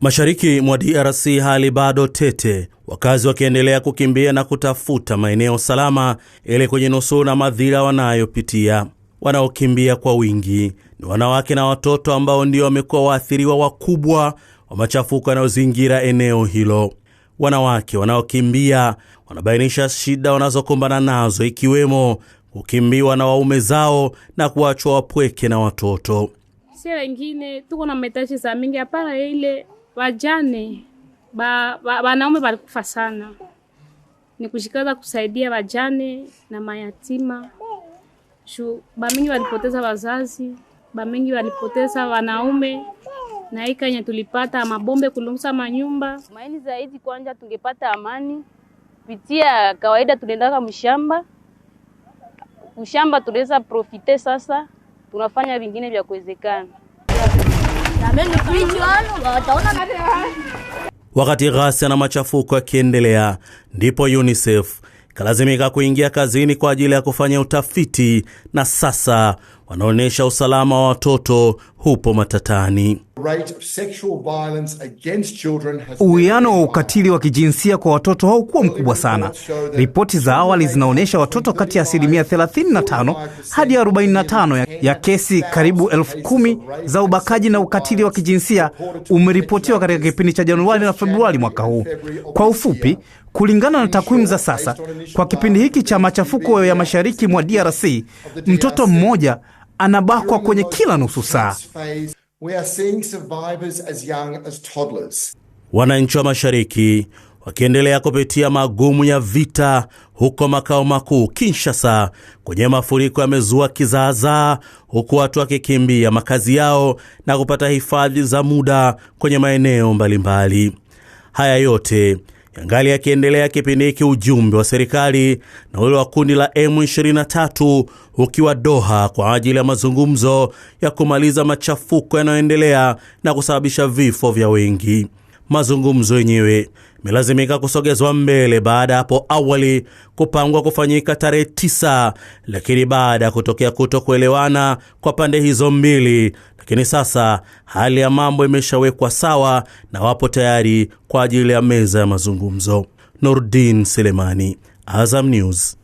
Mashariki mwa DRC hali bado tete, wakazi wakiendelea kukimbia na kutafuta maeneo salama ili na madhira wanayopitia. Wanaokimbia kwa wingi ni wanawake na watoto ambao ndio wamekuwa waathiriwa wakubwa wa machafuko yanayozingira eneo hilo. Wanawake wanaokimbia wanabainisha shida wanazokumbana nazo, ikiwemo kukimbiwa na waume zao na kuachwa wapweke na watoto. Sio wengine tuko na metashi za mingi hapana ile Wajane wanaume ba, wanaume walikufa sana, ni kushikaza kusaidia wajane na mayatima juu bamingi walipoteza wazazi, bamingi walipoteza wanaume na hii yenye tulipata mabombe kulungusa manyumba. maini zaidi kwanja tungepata amani pitia kawaida, tunaendaka mshamba mshamba, tunaweza profite sasa, tunafanya vingine vya kuwezekana. Wakati ghasia na machafuko yakiendelea, ndipo UNICEF kalazimika kuingia kazini kwa ajili ya kufanya utafiti, na sasa wanaonyesha usalama wa watoto hupo matatani. Uwiano wa ukatili wa kijinsia kwa watoto haukuwa mkubwa sana. Ripoti za awali zinaonyesha watoto kati ya asilimia 35 hadi 45 ya kesi karibu elfu kumi za ubakaji na ukatili wa kijinsia umeripotiwa katika kipindi cha Januari na Februari mwaka huu. Kwa ufupi, Kulingana na takwimu za sasa, kwa kipindi hiki cha machafuko ya mashariki mwa DRC, mtoto mmoja anabakwa kwenye kila nusu saa. Wananchi wa mashariki wakiendelea kupitia magumu ya vita huko makao makuu Kinshasa, kwenye mafuriko yamezua kizaazaa, huku watu wakikimbia ya makazi yao na kupata hifadhi za muda kwenye maeneo mbalimbali. Haya yote yangali yakiendelea kipindi hiki, ujumbe wa serikali na ule wa kundi la M23 ukiwa Doha kwa ajili ya mazungumzo ya kumaliza machafuko yanayoendelea na kusababisha vifo vya wengi. Mazungumzo yenyewe imelazimika kusogezwa mbele baada ya hapo awali kupangwa kufanyika tarehe tisa, lakini baada ya kutokea kutokuelewana kwa pande hizo mbili lakini sasa hali ya mambo imeshawekwa sawa na wapo tayari kwa ajili ya meza ya mazungumzo. Nurdin Selemani, Azam News.